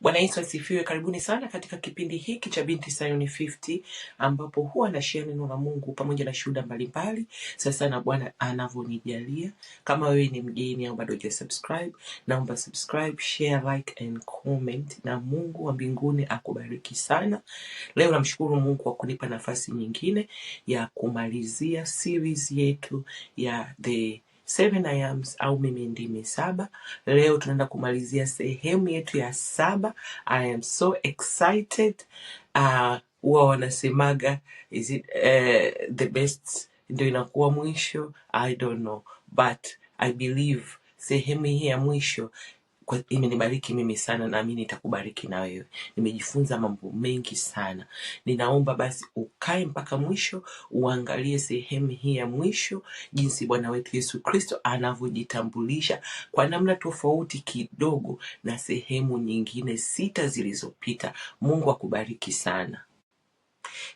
Bwana Yesu asifiwe. Karibuni sana katika kipindi hiki cha Binti Sayuni 50 ambapo huwa anashia neno la Mungu pamoja na shuhuda mbalimbali. Sasa na Bwana anavyonijalia. Kama wewe ni mgeni au bado subscribe naomba subscribe, share, like and comment, na Mungu wa mbinguni akubariki sana. Leo namshukuru Mungu kwa kunipa nafasi nyingine ya kumalizia series yetu ya the Seven I Ams au mimi ndimi saba. Leo tunaenda kumalizia sehemu yetu ya saba. I am so excited. Ah, huwa uh, wanasemaga is it uh, the best ndio inakuwa mwisho. I don't know but I believe sehemu hii ya mwisho imenibariki mimi sana, na mimi nitakubariki na wewe. Nimejifunza mambo mengi sana. Ninaomba basi ukae mpaka mwisho, uangalie sehemu hii ya mwisho, jinsi Bwana wetu Yesu Kristo anavyojitambulisha kwa namna tofauti kidogo na sehemu nyingine sita zilizopita. Mungu akubariki sana.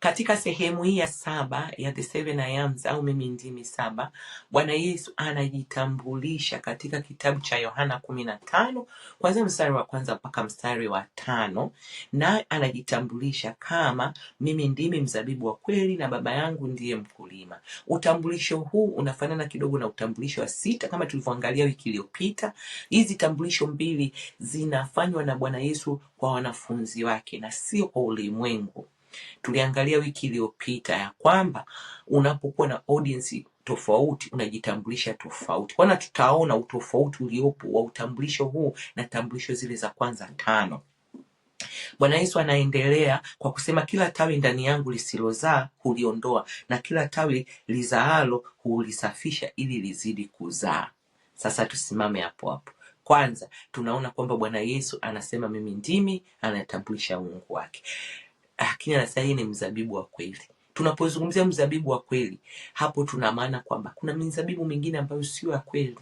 Katika sehemu hii ya saba ya the seven I au mimi ndimi saba, Bwana Yesu anajitambulisha katika kitabu cha Yohana kumi na tano kuanzia mstari wa kwanza mpaka mstari wa tano naye anajitambulisha kama mimi ndimi mzabibu wa kweli na Baba yangu ndiye mkulima. Utambulisho huu unafanana kidogo na utambulisho wa sita kama tulivyoangalia wiki iliyopita. Hizi tambulisho mbili zinafanywa na Bwana Yesu kwa wanafunzi wake na sio kwa ulimwengu. Tuliangalia wiki iliyopita ya kwamba unapokuwa na audience tofauti unajitambulisha tofauti, kwana tutaona utofauti uliopo wa utambulisho huu na tambulisho zile za kwanza tano. Bwana Yesu anaendelea kwa kusema, kila tawi ndani yangu lisilozaa huliondoa na kila tawi lizaalo hulisafisha ili lizidi kuzaa. Sasa tusimame hapo hapo. Kwanza tunaona kwamba Bwana Yesu anasema mimi ndimi, anatambulisha uungu wake lakini anasema yeye ni mzabibu wa kweli. Tunapozungumzia mzabibu wa kweli, hapo tuna maana kwamba kuna mizabibu mingine ambayo sio ya kweli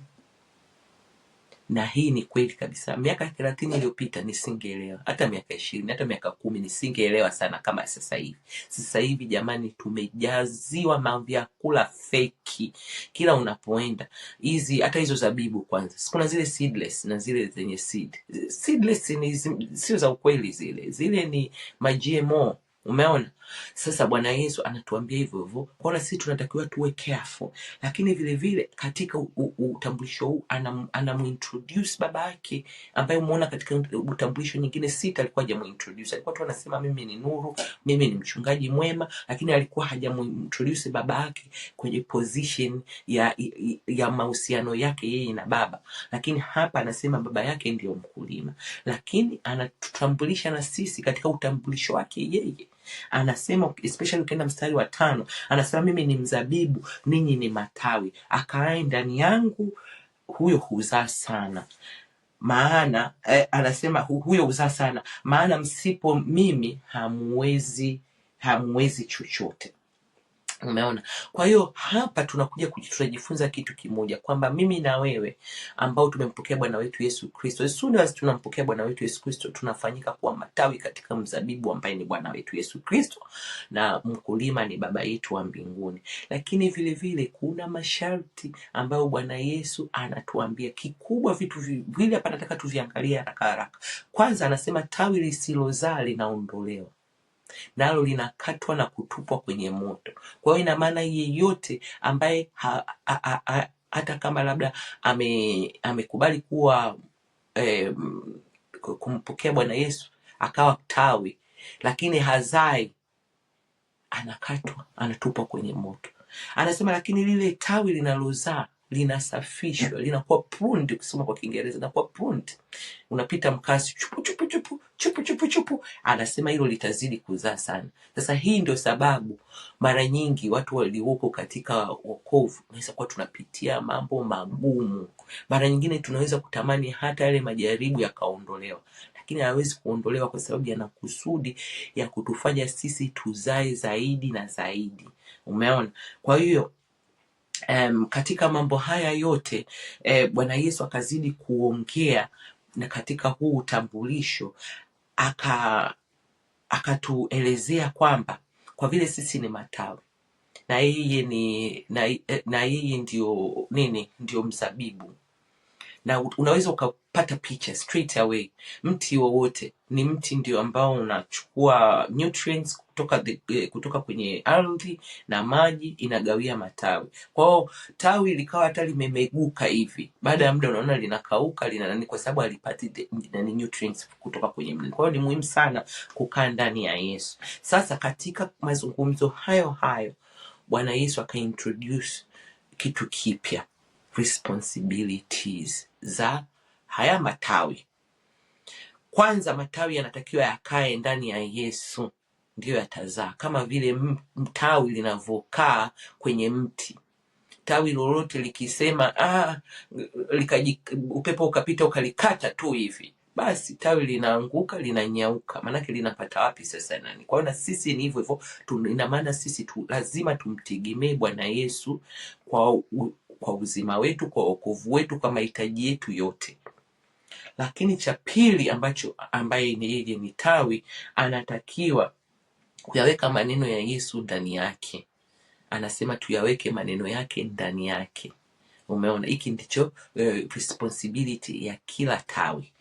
na hii ni kweli kabisa. Miaka thelathini iliyopita nisingeelewa, hata miaka ishirini, hata miaka kumi nisingeelewa sana kama sasa hivi. Sasa hivi jamani, tumejaziwa mavyakula feki kila unapoenda. Hizi hata hizo zabibu kwanza, kuna zile seedless na zile zenye seed. Seedless ni sio za ukweli, zile zile ni ma GMO Umeona? Sasa Bwana Yesu anatuambia hivyo hivyo, kwaona sisi tunatakiwa tuwe careful, lakini vile vile katika utambulisho huu anam, anamintroduce baba yake ambaye umeona katika utambulisho nyingine sita alikuwa hajamintroduce. Alikuwa tu anasema mimi ni nuru, mimi ni mchungaji mwema, lakini alikuwa hajamintroduce baba yake kwenye position ya, ya, ya mahusiano yake yeye na baba, lakini hapa anasema baba yake ndiyo mkulima, lakini anatutambulisha na sisi katika utambulisho wake yeye Anasema especially ukienda mstari wa tano, anasema mimi ni mzabibu, ninyi ni matawi, akaae ndani yangu huyo huzaa sana maana eh, anasema hu, huyo huzaa sana maana msipo mimi hamwezi hamwezi chochote. Umeona? Kwa hiyo hapa tunakuja tunajifunza kitu kimoja kwamba mimi na wewe ambao tumempokea Bwana wetu Yesu Kristo, as soon as tunampokea Bwana wetu Yesu Kristo, tunafanyika kuwa matawi katika mzabibu ambaye ni Bwana wetu Yesu Kristo, na mkulima ni Baba yetu wa mbinguni. Lakini vile vile kuna masharti ambayo Bwana Yesu anatuambia kikubwa, vitu viwili hapa nataka tuviangalie haraka haraka. Kwanza anasema tawi lisilozaa linaondolewa nalo linakatwa na kutupwa kwenye moto. Kwa hiyo ina maana yeyote ambaye ha, ha, ha, ha, hata kama labda ame amekubali kuwa eh, kumpokea Bwana Yesu akawa tawi lakini hazai, anakatwa anatupwa kwenye moto. Anasema lakini lile tawi linalozaa linasafishwa linakuwa pruned kusema kwa kiingereza linakuwa pruned unapita mkasi chupu chupu chupu chupu chupu chupu anasema hilo litazidi kuzaa sana sasa hii ndio sababu mara nyingi watu walioko katika wokovu unaweza kuwa tunapitia mambo magumu mara nyingine tunaweza kutamani hata yale majaribu yakaondolewa lakini hawezi kuondolewa kwa sababu yana kusudi ya kutufanya sisi tuzae zaidi na zaidi umeona kwa hiyo um, katika mambo haya yote eh, Bwana Yesu akazidi kuongea na katika huu utambulisho aka akatuelezea kwamba kwa vile sisi ni matawi na yeye ni na, eh, na yeye ndio nini, ndio mzabibu na unaweza ukapata picha straight away. Mti wowote ni mti ndio ambao unachukua nutrients kutoka, the, eh, kutoka kwenye ardhi na maji inagawia matawi. Kwa hiyo tawi likawa hata limemeguka hivi, baada ya muda unaona linakauka lina nani, kwa sababu alipati nani nutrients kutoka kwenye mlima. Kwa hiyo ni muhimu sana kukaa ndani ya Yesu. Sasa katika mazungumzo hayo hayo Bwana Yesu akaintroduce kitu kipya responsibilities za haya matawi. Kwanza matawi yanatakiwa yakae ndani ya Yesu ndiyo yatazaa, kama vile mtawi linavyokaa kwenye mti. Tawi lolote likisema ah, likaji, upepo ukapita ukalikata tu hivi basi tawi linaanguka linanyauka, maanake linapata wapi sasa nani? Kwa hiyo na sisi ni hivyo hivyo. Ina maana sisi tu lazima tumtegemee Bwana Yesu kwa kwa uzima wetu, kwa wokovu wetu, kwa mahitaji yetu yote. Lakini cha pili ambacho ambaye ni yeye ni tawi, anatakiwa kuyaweka maneno ya Yesu ndani yake. Anasema tuyaweke maneno yake ndani yake. Umeona, hiki ndicho uh, responsibility ya kila tawi.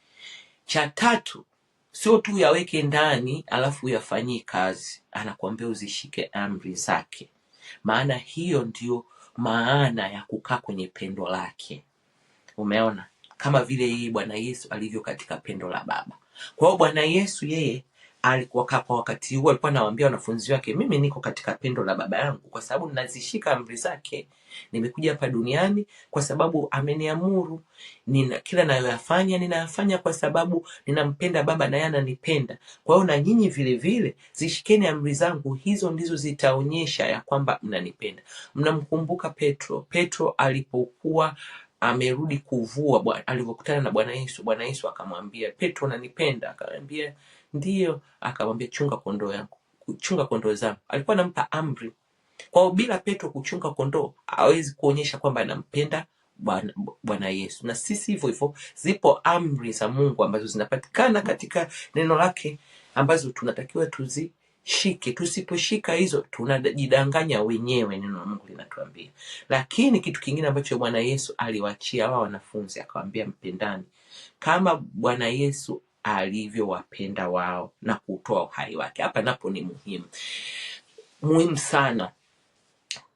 Cha tatu sio tu yaweke ndani alafu yafanyie kazi, anakuambia uzishike amri zake, maana hiyo ndio maana ya kukaa kwenye pendo lake. Umeona, kama vile yeye Bwana Yesu alivyo katika pendo la Baba. Kwa hiyo Bwana Yesu yeye wakati huo alikuwa anawaambia wanafunzi wake, mimi niko katika pendo la Baba yangu kwa sababu nazishika amri zake. Nimekuja hapa duniani kwa sababu ameniamuru. Nina kila ninayoyafanya ninayafanya kwa sababu ninampenda Baba naye ananipenda. Kwa hiyo na nyinyi vile vile zishikeni amri zangu, hizo ndizo zitaonyesha ya kwamba mnanipenda. Mnamkumbuka Petro. Petro alipokuwa amerudi kuvua, alivyokutana na Bwana Yesu, Bwana Yesu akamwambia Petro, unanipenda? Akamwambia Ndiyo, akamwambia chunga kondoo yangu, chunga kondoo zangu. Alikuwa anampa amri. Kwa bila Petro kuchunga kondoo hawezi kuonyesha kwamba anampenda Bwana Yesu. Na sisi hivyo hivyo, zipo amri za Mungu ambazo zinapatikana katika neno lake ambazo tunatakiwa tuzishike. Tusiposhika hizo tunajidanganya wenyewe, neno la Mungu linatuambia. Lakini kitu kingine ambacho Bwana Yesu aliwachia wao wanafunzi, akawaambia mpendani kama Bwana Yesu alivyowapenda wao na kutoa uhai wake. Hapa napo ni muhimu muhimu sana.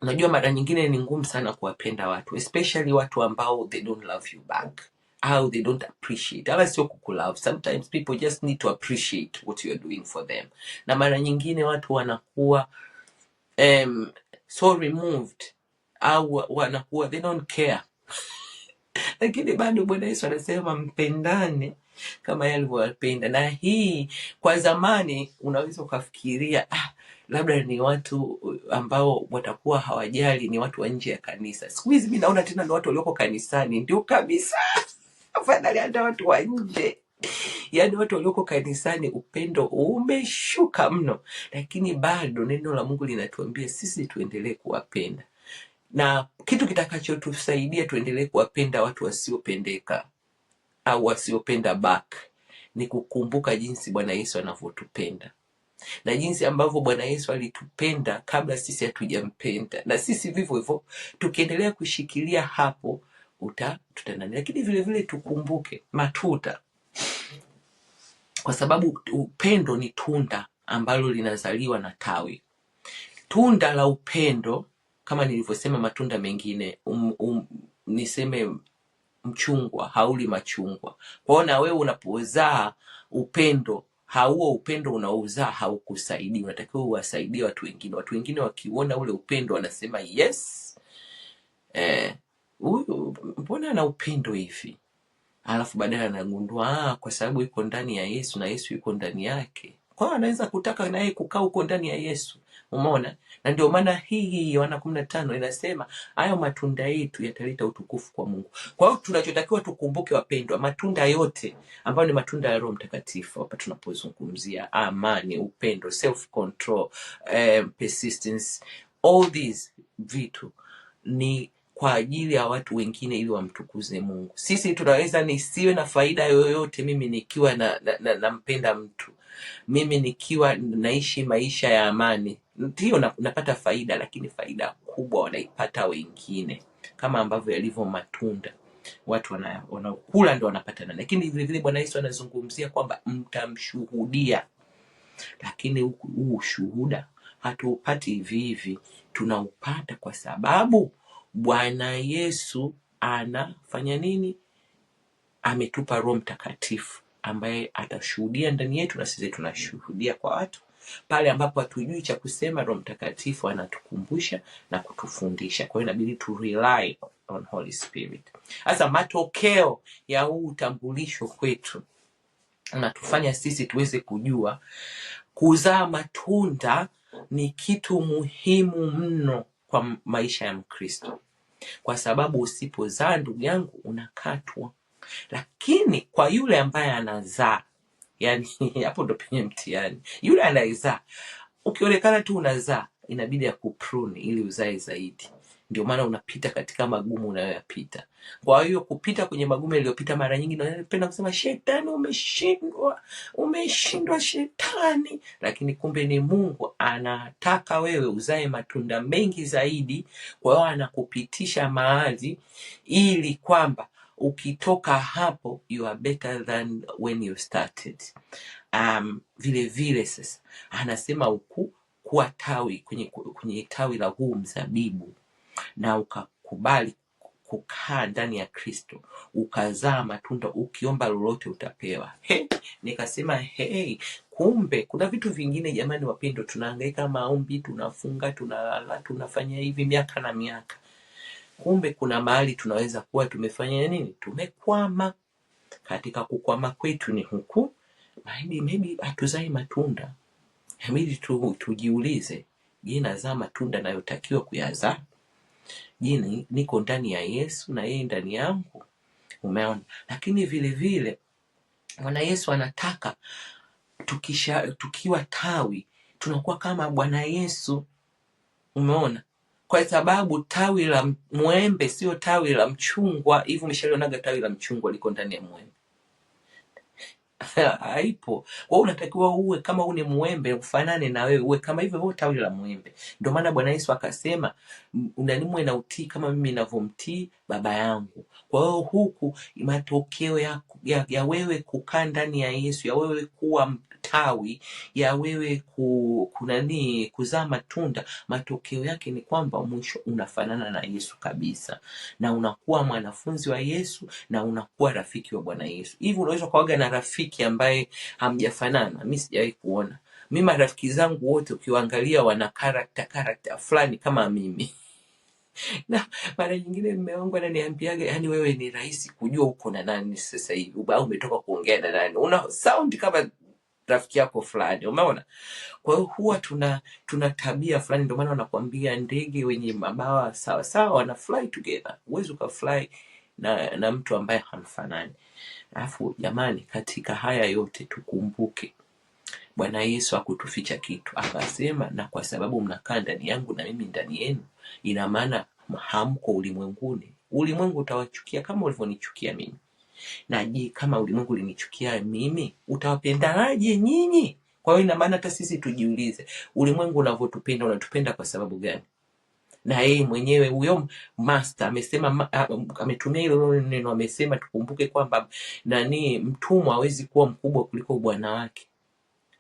Unajua, mara nyingine ni ngumu sana kuwapenda watu especially watu ambao they don't love you back au they don't appreciate, wala sio kukulove. Sometimes people just need to appreciate what you are doing for them, na mara nyingine watu wanakuwa um, so removed au wanakuwa they don't care lakini bado Bwana Yesu anasema mpendane kama yeye alivyowapenda. Na hii kwa zamani unaweza ukafikiria ah, labda ni watu uh, ambao watakuwa hawajali, ni watu wa nje ya kanisa. Siku hizi mi naona tena ni watu walioko kanisani ndio kabisa, afadhali hata watu wa nje yaani watu walioko kanisani upendo umeshuka mno, lakini bado neno la Mungu linatuambia sisi tuendelee kuwapenda, na kitu kitakachotusaidia tuendelee kuwapenda watu wasiopendeka au wasiopenda back ni kukumbuka jinsi Bwana Yesu anavyotupenda na jinsi ambavyo Bwana Yesu alitupenda kabla sisi hatujampenda, na sisi vivyo hivyo tukiendelea kushikilia hapo uta tutanani. Lakini vile vile tukumbuke matuta, kwa sababu upendo ni tunda ambalo linazaliwa na tawi. Tunda la upendo kama nilivyosema, matunda mengine um, um, niseme mchungwa hauli machungwa. Kwa hiyo na wewe unapozaa upendo, hauo upendo unaozaa haukusaidii, unatakiwa uwasaidie watu wengine. Watu wengine wakiuona ule upendo wanasema yes, eh, huyu mbona ana upendo hivi? Alafu baadaye anagundua ah, kwa sababu iko ndani ya Yesu na Yesu yuko ndani yake kwa hiyo anaweza kutaka naye kukaa huko ndani ya Yesu, umeona? Na ndio maana hii hii Yohana kumi na tano inasema hayo matunda yetu yataleta utukufu kwa Mungu. Kwa hiyo tunachotakiwa tukumbuke, wapendwa, matunda yote ambayo ni matunda ya Roho Mtakatifu hapa tunapozungumzia amani, upendo, self control, um, eh, persistence, all these vitu ni kwa ajili ya watu wengine ili wamtukuze Mungu. Sisi tunaweza nisiwe na faida yoyote mimi nikiwa na, na, na, mtu mimi nikiwa naishi maisha ya amani, ndio napata faida, lakini faida kubwa wanaipata wengine, kama ambavyo yalivyo matunda watu wanakula wanaokula ndo wanapata nani. Lakini vilevile Bwana Yesu anazungumzia kwamba mtamshuhudia lakini huu ushuhuda hatuupati hivi hivi, tunaupata kwa sababu Bwana Yesu anafanya nini? Ametupa Roho Mtakatifu ambaye atashuhudia ndani yetu na sisi tunashuhudia kwa watu pale ambapo hatujui cha kusema roho mtakatifu anatukumbusha na kutufundisha kwa hiyo inabidi tu rely on Holy Spirit sasa matokeo ya huu utambulisho kwetu unatufanya sisi tuweze kujua kuzaa matunda ni kitu muhimu mno kwa maisha ya Mkristo, kwa sababu usipozaa ndugu yangu, unakatwa. Lakini kwa yule ambaye anazaa, yani hapo ndo penye mtiani Yule anayezaa, ukionekana tu unazaa, inabidi ya kuprune ili uzae zaidi. Ndio maana unapita katika magumu unayoyapita. Kwa hiyo kupita kwenye magumu yaliyopita, mara nyingi napenda kusema shetani, umeshindwa, umeshindwa shetani. Lakini kumbe ni Mungu anataka wewe uzae matunda mengi zaidi. Kwa hiyo anakupitisha mahali ili kwamba ukitoka hapo you are better than when you started. Um, vile vile sasa anasema uku kuwa tawi kwenye, kwenye tawi la huu mzabibu na ukakubali kukaa ndani ya Kristo ukazaa matunda, ukiomba lolote utapewa. Hey, nikasema hey, kumbe kuna vitu vingine jamani, wapendo, tunahangaika maombi, tunafunga, tunalala, tunafanya hivi miaka na miaka, kumbe kuna mahali tunaweza kuwa tumefanya nini tumekwama katika kukwama kwetu ni huku maybe maybe hatuzai matunda inabidi tu, tujiulize je nazaa matunda nayotakiwa kuyazaa je niko ndani ya yesu na yeye ndani yangu umeona lakini vile vile bwana yesu anataka tukisha tukiwa tawi tunakuwa kama bwana yesu umeona kwa sababu tawi la mwembe sio tawi la mchungwa, hivyo umeshalionaga tawi la mchungwa liko ndani ya mwembe. haipo. Kwa hiyo unatakiwa uwe kama ule mwembe ufanane na wewe, uwe kama hivyo wewe tawi la mwembe. Ndio maana Bwana Yesu akasema unanimwe na utii kama mimi ninavyomtii Baba yangu. Kwa hiyo huku matokeo ya, ya, ya wewe kukaa ndani ya Yesu, ya wewe kuwa tawi, ya wewe ku, kunani kuzaa matunda, matokeo yake ni kwamba mwisho unafanana na Yesu kabisa, na unakuwa mwanafunzi wa Yesu na unakuwa rafiki wa Bwana Yesu. Hivi unaweza kuwaga na rafiki rafiki ambaye hamjafanana, mi sijawahi kuona. Mi marafiki zangu wote ukiwaangalia, wana karakta karakta fulani kama mimi na mara nyingine mume wangu ananiambiaga, yani wewe ni rahisi kujua uko na nani sasa hivi, au umetoka kuongea na nani, una sound kama rafiki yako fulani, umeona. Kwa hiyo huwa tuna tuna tabia fulani, ndio maana wanakuambia ndege wenye mabawa sawa sawa wana fly together. Huwezi ukafly na, na mtu ambaye hamfanani. Alafu jamani, katika haya yote tukumbuke Bwana Yesu akutuficha kitu, akasema na kwa sababu mnakaa ndani yangu na mimi ndani yenu, ina maana hamko ulimwenguni. Ulimwengu utawachukia kama ulivyonichukia mimi. Na je, kama ulimwengu ulinichukia mimi, utawapendanaje nyinyi? Kwa hiyo ina maana hata sisi tujiulize, ulimwengu unavyotupenda, unatupenda kwa sababu gani? na yeye mwenyewe huyo master amesema, ah, ametumia hilo neno, amesema tukumbuke kwamba nani, mtumwa hawezi kuwa mkubwa kuliko bwana wake.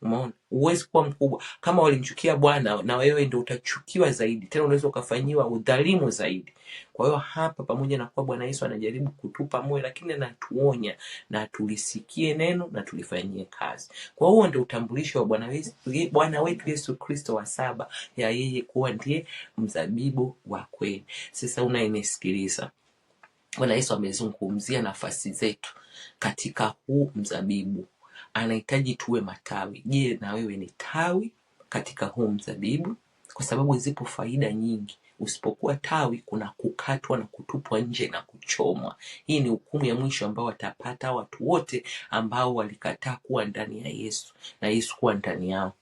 Umeona, huwezi kuwa mkubwa kama walimchukia Bwana, na wewe ndio utachukiwa zaidi, tena unaweza ukafanyiwa udhalimu zaidi. Kwa hiyo hapa, pamoja na kuwa Bwana Yesu anajaribu kutupa moyo, lakini anatuonya na tulisikie neno na tulifanyie kazi. Kwa huo ndio utambulisho wa Bwana wetu Yesu Kristo wa saba, ya yeye kuwa ndiye mzabibu wa kweli. Sasa unayenisikiliza, Bwana Yesu amezungumzia nafasi zetu katika huu mzabibu anahitaji tuwe matawi je na wewe ni tawi katika huu mzabibu kwa sababu zipo faida nyingi usipokuwa tawi kuna kukatwa na kutupwa nje na kuchomwa hii ni hukumu ya mwisho ambao watapata watu wote ambao walikataa kuwa ndani ya yesu na yesu kuwa ndani yao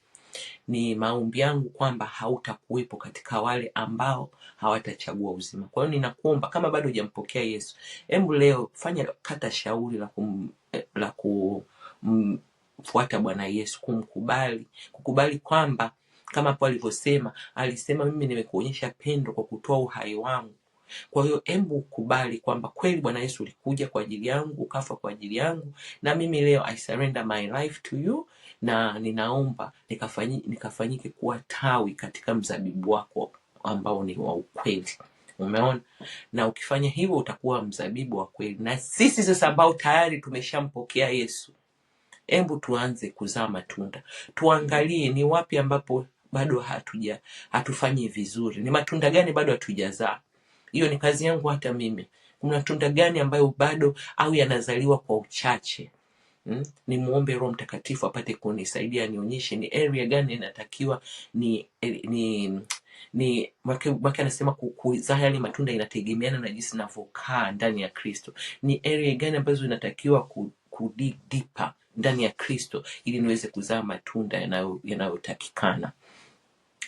ni maombi yangu kwamba hautakuwepo katika wale ambao hawatachagua uzima kwa hiyo ninakuomba kama bado hujampokea yesu hebu leo fanya kata shauri la, kum, eh, la ku kumfuata Bwana Yesu, kumkubali, kukubali kwamba kama hapo alivyosema, alisema mimi nimekuonyesha pendo kwa kutoa uhai wangu. Kwa hiyo hebu kubali kwamba kweli Bwana Yesu ulikuja kwa ajili yangu, ukafa kwa ajili yangu, na mimi leo I surrender my life to you, na ninaomba nikafanyike, nikafanyike kuwa tawi katika mzabibu wako ambao ni wa ukweli. Umeona, na ukifanya hivyo utakuwa mzabibu wa kweli. Na sisi sasa ambao tayari tumeshampokea Yesu, hebu tuanze kuzaa matunda, tuangalie ni wapi ambapo bado hatuja hatufanyi vizuri, ni matunda gani bado hatujazaa. Hiyo ni kazi yangu hata mimi, kuna matunda gani ambayo bado au yanazaliwa kwa uchache. Hmm? ni muombe Roho Mtakatifu apate kunisaidia nionyeshe ni area gani inatakiwa ni, ni ni make anasema kuzaa yale matunda inategemeana na jinsi inavyokaa ndani ya Kristo. Ni area gani ambazo inatakiwa ku, ku dig deeper ndani ya Kristo ili niweze kuzaa matunda yanayotakikana.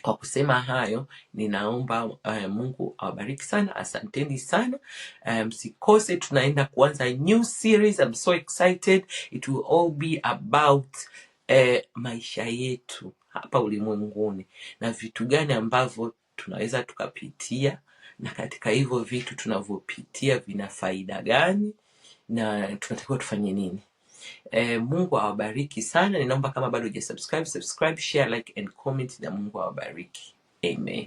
Kwa kusema hayo, ninaomba uh, Mungu awabariki sana. Asanteni sana. Eh, Msikose, tunaenda kuanza new series. I'm so excited. It will all be about uh, maisha yetu hapa ulimwenguni na vitu gani ambavyo tunaweza tukapitia, na katika hivyo vitu tunavyopitia vina faida gani, na tunatakiwa tufanye nini. E, Mungu awabariki sana. Ninaomba kama bado hujasubscribe, subscribe, share, like and comment, na Mungu awabariki. Amen.